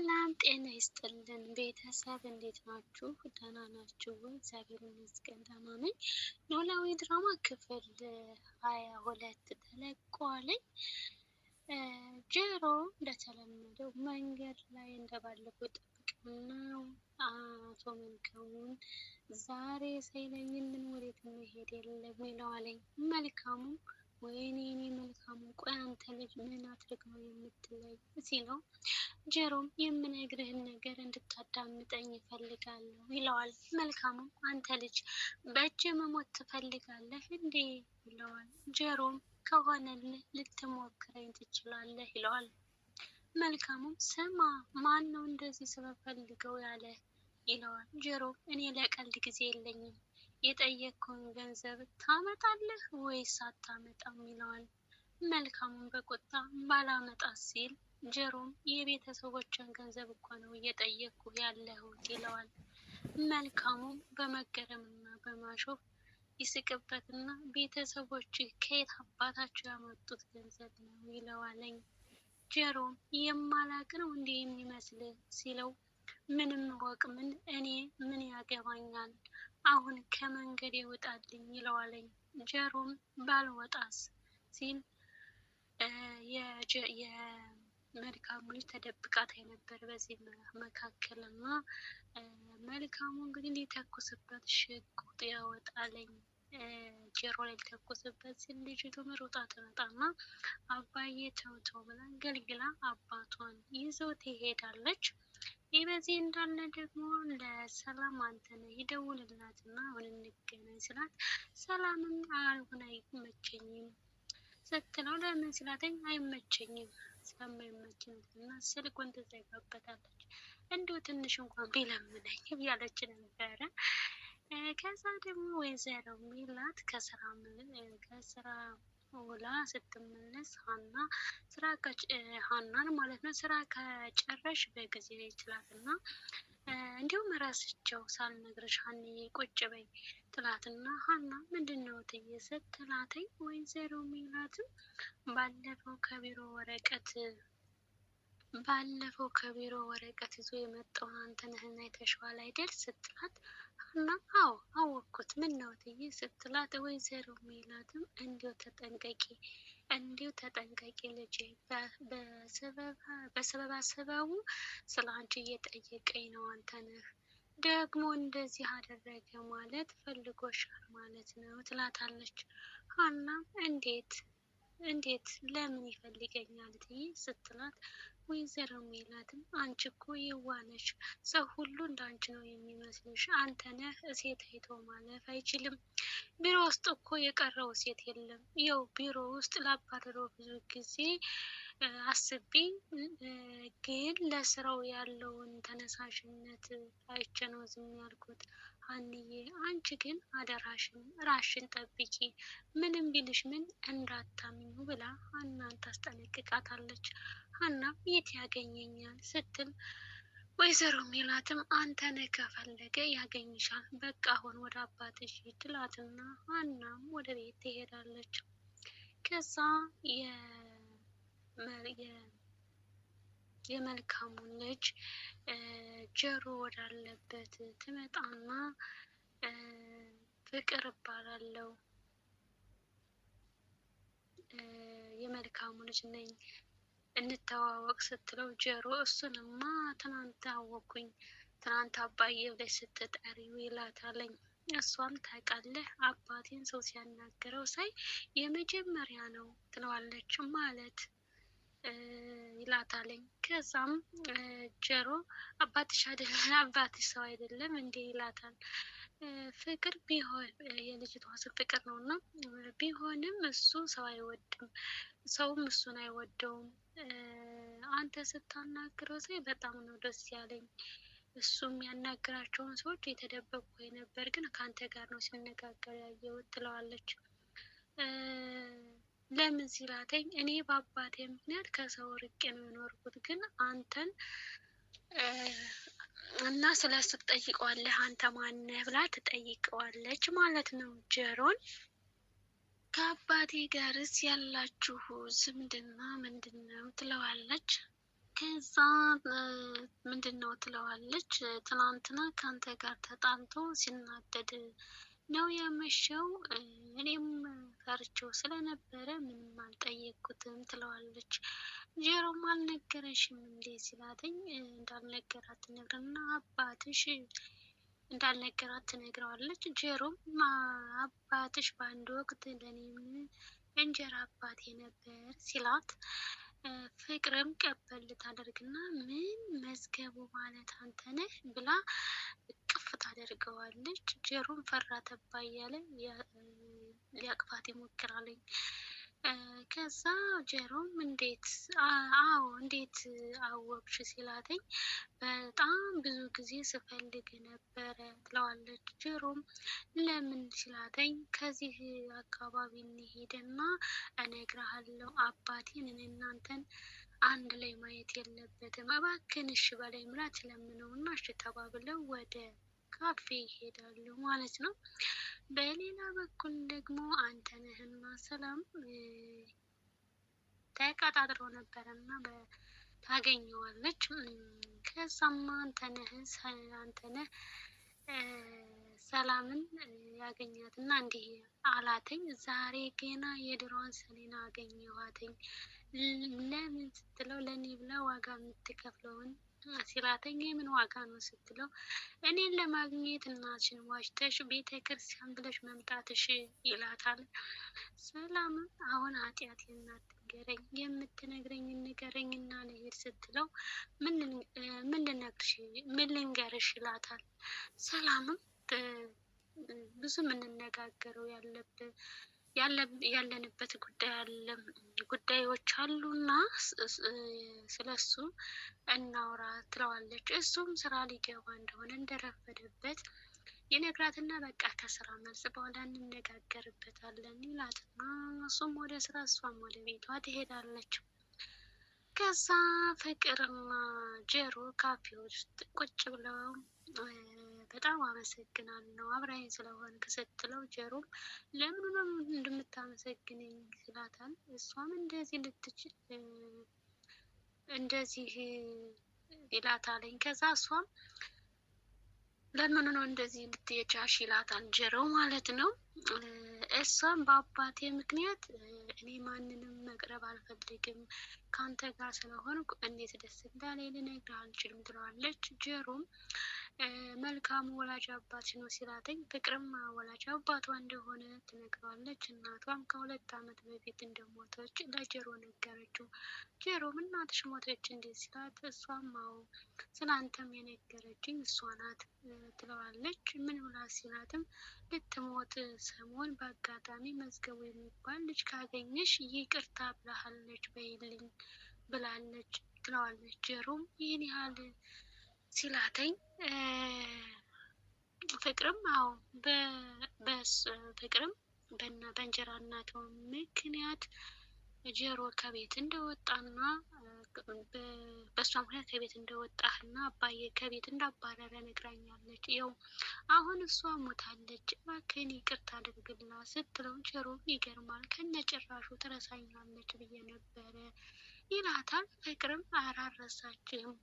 ሰላም ጤና ይስጥልን ቤተሰብ እንዴት ናችሁ? ደህና ናችሁ ወይ? እግዚአብሔር ይመስገን ደህና ነኝ። ኖላዊ ድራማ ክፍል ሀያ ሁለት ተለቋለኝ። ጀሮ እንደተለመደው መንገድ ላይ እንደባለፈው ጥብቅና አቶ መልካሙን ዛሬ ምን ወዴት መሄድ የለም ይለዋለኝ መልካሙ ወይኔ እኔ መልካሙ ቆይ አንተ ልጅ ምን አድርግ ነው የምትለኝ? ሲለው ጀሮም የምነግርህን ነገር እንድታዳምጠኝ ይፈልጋለሁ ይለዋል። መልካሙ አንተ ልጅ በእጅ መሞት ትፈልጋለህ እንዴ? ይለዋል። ጀሮም ከሆነልህ ልትሞክረኝ ትችላለህ ይለዋል። መልካሙም ስማ፣ ማን ነው እንደዚህ ስለፈልገው ያለ ይለዋል። ጀሮም እኔ ለቀልድ ጊዜ የለኝም የጠየቅከውን ገንዘብ ታመጣለህ ወይስ አታመጣም ይለዋል። መልካሙን በቁጣ ባላመጣ ሲል ጀሮም የቤተሰቦችን ገንዘብ እኮ ነው እየጠየቅኩ ያለሁት ይለዋል። መልካሙም በመገረምና በማሾፍ ይስቅበትና ቤተሰቦች ከየት አባታቸው ያመጡት ገንዘብ ነው ይለዋለኝ። ጀሮም የማላቅ ነው እንዲህ የሚመስልህ ሲለው ምንም ወቅ ምን እኔ ምን ያገባኛል አሁን ከመንገድ ይወጣልኝ ይለዋለኝ። ጀሮም ባልወጣስ ሲል መልካሙ ልጅ ተደብቃት የነበር በዚህ መካከል እና መልካሙ እንግዲህ ሊተኩስበት ሽጉጥ ያወጣለኝ ጀሮ ላይ ሊተኩስበት ሲል ልጅቱ ሮጣ ትመጣና አባዬ ተውተው ብላ ገልግላ አባቷን ይዘው ትሄዳለች። ይህ በዚህ እንዳለ ደግሞ ለሰላም አንተ አንተነ ይደውልላት እና አሁን እንገናኝ ስላት ሰላምም አልሆን አይመቸኝም ስትለው ለምን ስላተኝ አይመቸኝም ስለማይመቸኝ እና ስልኩን ትዘጋበታለች። እንዲሁ ትንሽ እንኳን ቢለምነኝ እያለች ነበረ። ከዛ ደግሞ ወይዘሮ ሚላት ከስራ ከስራ ውላ ስትመለስ ሀና ስራ ሀናን ማለት ነው ስራ ከጨረሽ በጊዜ ትላት እና እንዲሁም ራስቸው ሳልነግርሽ ሀኒዬ ቁጭ በይ ትላትና ሀና ምንድን ነው ትዬ ስትላተኝ ወይዘሮ ሜላትም ባለፈው ከቢሮ ወረቀት ባለፈው ከቢሮ ወረቀት ይዞ የመጣውን አንተ ነህና የተሸዋል አይደል ስትላት፣ እና አዎ አወቅኩት ምን ነው እትዬ ስትላት፣ ወይዘሮ ሜላትም እንዲሁ ተጠንቀቂ እንዲሁ ተጠንቀቂ ልጄ፣ በሰበባ ሰበቡ ስለ አንቺ እየጠየቀኝ ነው። አንተ ነህ ደግሞ እንደዚህ አደረገ ማለት ፈልጎሻል ማለት ነው ትላታለች። ሀናም እንዴት እንዴት ለምን ይፈልገኛል እትዬ ስትላት ወይዘሮ ሜላትም አንቺ እኮ የዋነሽ ሰው ሁሉ እንደ አንቺ ነው የሚመስልሽ። አንተ ነህ እሴት አይቶ ማለፍ አይችልም። ቢሮ ውስጥ እኮ የቀረው እሴት የለም። ይኸው ቢሮ ውስጥ ላባረረው ብዙ ጊዜ አስቤ ግን ለስራው ያለውን ተነሳሽነት አይቼ ነው ዝም ያልኩት። ሀንዬ አንቺ ግን አደራሽን ራሽን ጠብቂ፣ ምንም ቢልሽ ምን እንዳታምኙ ብላ ሀናን ታስጠነቅቃታለች። ሀናም የት ያገኘኛል ስትል ወይዘሮ ሜላትም አንተን ከፈለገ ያገኝሻል፣ በቃ አሁን ወደ አባትሽ ትላትና ሀናም ወደ ቤት ትሄዳለች። ከዛ የመልካሙን ልጅ ጆሮ ወዳለበት ትመጣና ፍቅር እባላለሁ የመልካሙ ልጅ ነኝ እንተዋወቅ ስትለው ጆሮ እሱንማ ትናንት አወኩኝ ትናንት አባዬ ብለሽ ስትጠሪው ይላታለኝ። እሷም ታውቃለህ አባቴን ሰው ሲያናግረው ሳይ የመጀመሪያ ነው ትለዋለች ማለት ይላታለኝ። ከዛም ጀሮ አባትሽ አይደለም አባትሽ ሰው አይደለም እንዴ ይላታል። ፍቅር ቢሆን የልጅቷ ስም ፍቅር ነው እና ቢሆንም እሱ ሰው አይወድም፣ ሰውም እሱን አይወደውም። አንተ ስታናግረው ሳይ በጣም ነው ደስ ያለኝ። እሱ የሚያናግራቸውን ሰዎች የተደበቁ ነበር፣ ግን ከአንተ ጋር ነው ሲነጋገር ያየሁት ትለዋለች። ለምን ሲላተኝ እኔ በአባቴ ምክንያት ከሰው ርቄ ነው የኖርኩት፣ ግን አንተን እና ስለ እሱ ትጠይቀዋለህ አንተ ማነህ ብላ ትጠይቀዋለች ማለት ነው ጀሮን። ከአባቴ ጋርስ ያላችሁ ዝምድና ምንድን ነው ትለዋለች። ከዛ ምንድን ነው ትለዋለች። ትናንትና ከአንተ ጋር ተጣልቶ ሲናደድ ነው የመሸው እኔም አጋርቸው ስለነበረ ምንም አልጠየቅኩትም ትለዋለች። ጀሮም አልነገረሽም እንዴ ሲላተኝ እንዳልነገራት ትነግርና አባትሽ እንዳልነገራት ትነግረዋለች። ጀሮም አባትሽ በአንድ ወቅት ለኔም እንጀራ አባቴ ነበር ሲላት ፍቅርም ቀበል ታደርግና ምን መዝገቡ ማለት አንተ ነህ ብላ እቅፍ ታደርገዋለች። ጀሮም ፈራ ተባ እያለ ሊያቅፋት ይሞክራልኝ። ከዛ ጀሮም እንዴት አዎ እንዴት አወቅሽ ሲላትኝ በጣም ብዙ ጊዜ ስፈልግ ነበረ ትለዋለች። ጀሮም ለምን ሲላትኝ ከዚህ አካባቢ እንሄድና እነግርሃለሁ አባቴን እናንተን አንድ ላይ ማየት የለበትም እባክን እሺ በላይ ምላት ለምነውና እሺ ተባብለው ወደ ካፌ ይሄዳሉ ማለት ነው። በሌላ በኩል ደግሞ አንተነህና ሰላም ተቀጣጥሮ ነበረ እና ታገኘዋለች። ከዛም አንተነህ አንተነህ ሰላምን ያገኛት እና እንዲህ አላትኝ፣ ዛሬ ገና የድሯን ሰሌና አገኘኋትኝ። ለምን ስትለው ለእኔ ብላ ዋጋ የምትከፍለውን ሲራተኛ የምን ዋጋ ነው ስትለው እኔን ለማግኘት እናችን ዋሽተሽ ቤተ ክርስቲያን ብለሽ መምጣትሽ ይላታል። ሰላም አሁን ኃጢአት የምትነግረኝ የምትነግረኝ ንገረኝ እና ልሄድ ስትለው ምን ልነግርሽ ምን ልንገርሽ ይላታል። ሰላምም ብዙ የምንነጋገረው ያለብን ያለንበት ጉዳዮች አሉና ስለሱ እናውራ ትለዋለች። እሱም ስራ ሊገባ እንደሆነ እንደረፈደበት የነግራትና በቃ ከስራ መልስ በኋላ እንነጋገርበታለን ይላትና እሱም ወደ ስራ እሷም ወደ ቤቷ ትሄዳለች። ከዛ ፍቅርና ጀሮ ካፌ ውስጥ ቁጭ ብለው በጣም አመሰግናለሁ አብራኝ ስለሆንክ ስትለው ጀሮም ለምን ነው እንደምታመሰግነኝ ስላታል። እሷም እንደዚህ ልትችል እንደዚህ ይላታለኝ። ከዛ እሷም ለምን ነው እንደዚህ ልትየቻሽ ይላታል ጀሮ ማለት ነው። እሷም በአባቴ ምክንያት እኔ ማንንም መቅረብ አልፈልግም፣ ከአንተ ጋር ስለሆንኩ እንዴት ደስ እንዳለኝ ልነግርህ አልችልም ትለዋለች ጀሮም መልካም ወላጅ አባት ነው ሲላተኝ ፍቅርም ወላጅ አባቷ እንደሆነ ትነግረዋለች። እናቷም ከሁለት ዓመት በፊት እንደሞተች ለጀሮ ነገረችው። ጀሮም እናትሽ ሞተች እንዴት ሲላት እሷም አዎ ስላንተም የነገረችኝ እሷ ናት ትለዋለች። ምን ብላ ሲላትም ልትሞት ሰሞን በአጋጣሚ መዝገቡ የሚባል ልጅ ካገኘሽ ይቅርታ ብላሃለች በይልኝ ብላለች ትለዋለች። ጀሮም ይህን ያህል ሲላተኝ ፍቅርም አዎ ፍቅርም በና በእንጀራ እናቱ ምክንያት ጀሮ ከቤት እንደወጣና በእሷ ምክንያት ከቤት እንደወጣህና አባዬ ከቤት እንዳባረረ ነግራኛለች። ያው አሁን እሷ ሞታለች፣ እባክህን ይቅርታ አድርግልና ስትለው ጀሮ ይገርማል፣ ከነጭራሹ ትረሳኛለች ብዬ ነበረ ይላታል። ፍቅርም አራረሳችም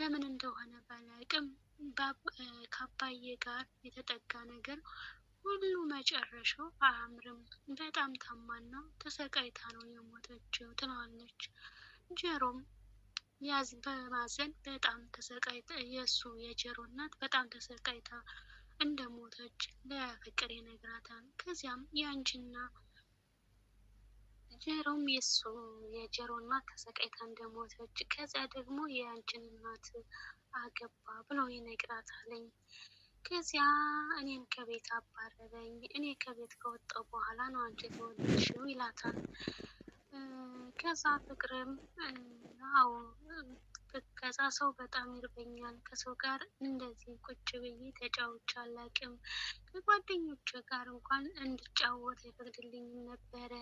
ለምን እንደሆነ ባላቅም ከአባዬ ጋር የተጠጋ ነገር ሁሉ መጨረሻው አያምርም። በጣም ታማና ተሰቃይታ ነው የሞተችው ትለዋለች። ጀሮም ያዝ በማዘን በጣም ተሰቃይታ የእሱ የጀሮ እናት በጣም ተሰቃይታ እንደሞተች ለፍቅር ይነግራታል። ከዚያም ያንቺና ጀሮም የሱ የጀሮ እናት ተሰቃይታ እንደሞተች ከዚያ ደግሞ የአንችን እናት አገባ ብለው ይነግራታለኝ። ከዚያ እኔን ከቤት አባረረኝ። እኔ ከቤት ከወጣው በኋላ ነው አንቺ የተወለድሽው ይላታል። ከዛ ፍቅርም አዎ ከዛ ሰው በጣም ይርበኛል። ከሰው ጋር እንደዚህ ቁጭ ብዬ ተጫውቼ አላውቅም። ከጓደኞቼ ጋር እንኳን እንድጫወት አይፈቅድልኝም ነበረ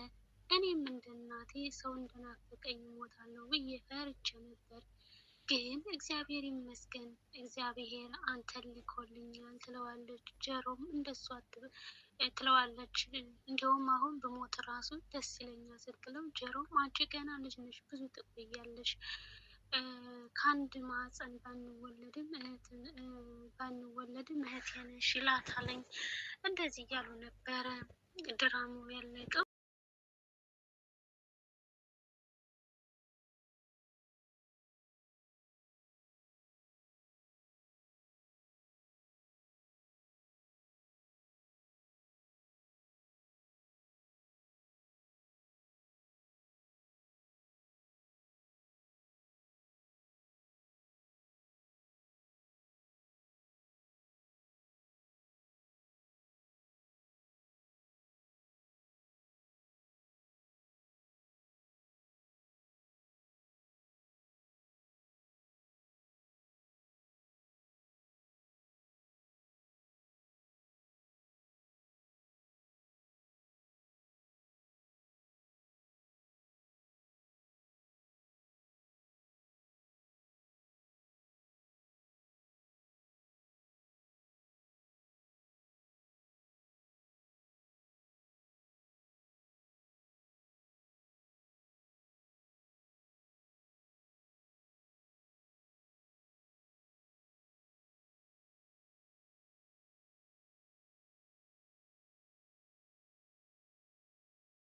እኔም እንደ እናቴ ሰው እንደናፈቀኝ እሞታለሁ ብዬ ፈርቼ ነበር። ግን እግዚአብሔር ይመስገን እግዚአብሔር አንተን ልኮልኛል ትለዋለች። ጀሮም እንደሷ ትለዋለች። እንዲሁም አሁን ብሞት ራሱ ደስ ይለኛል ስትለው፣ ጀሮም አንቺ ገና ልጅ ነሽ፣ ብዙ ትቆያለሽ፣ ከአንድ ማህፀን ባንወለድም ባንወለድም እህቴ ነሽ ይላታለኝ። እንደዚህ እያሉ ነበረ ድራማው ያለቀው።